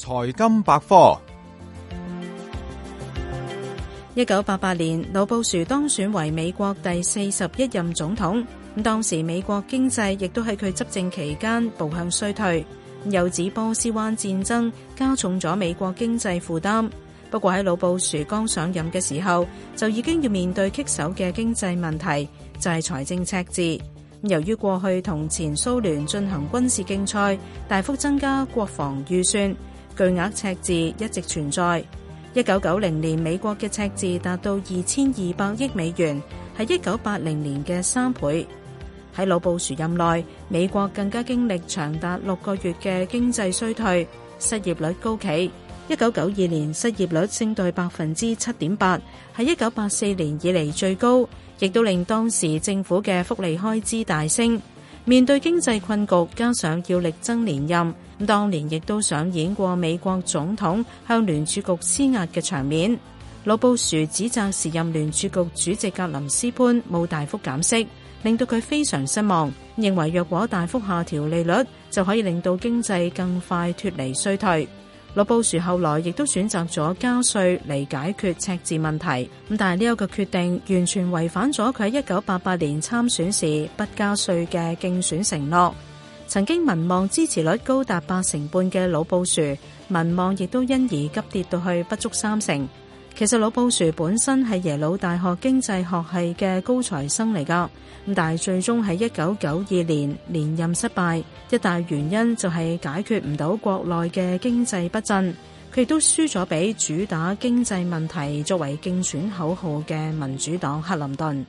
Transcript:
財金百科。一九八八年，老布殊當選為美國第四十一任總統。當時美國經濟亦都喺佢執政期間步向衰退，又指波斯灣戰爭加重咗美國經濟負擔。不過喺老布殊剛上任嘅時候，就已經要面對棘手嘅經濟問題，就係財政赤字。由於過去同前蘇聯進行軍事競賽，大幅增加國防預算。巨額赤字一直存在。一九九零年美國嘅赤字達到二千二百億美元，係一九八零年嘅三倍。喺老布殊任內，美國更加經歷長達六個月嘅經濟衰退，失業率高企。一九九二年失業率升到百分之七點八，係一九八四年以嚟最高，亦都令當時政府嘅福利開支大升。面對經濟困局，加上要力爭連任，當年亦都上演過美國總統向聯儲局施壓嘅場面。老布殊指責時任聯儲局主席格林斯潘冇大幅減息，令到佢非常失望，認為若果大幅下調利率，就可以令到經濟更快脫離衰退。老布殊後來亦都選擇咗加稅嚟解決赤字問題，咁但係呢一個決定完全違反咗佢喺一九八八年參選時不加稅嘅競選承諾。曾經民望支持率高達八成半嘅老布殊，民望亦都因而急跌到去不足三成。其實老布殊本身係耶魯大學經濟學系嘅高材生嚟噶，咁但係最終喺一九九二年連任失敗，一大原因就係解決唔到國內嘅經濟不振，佢亦都輸咗俾主打經濟問題作為競選口號嘅民主黨克林頓。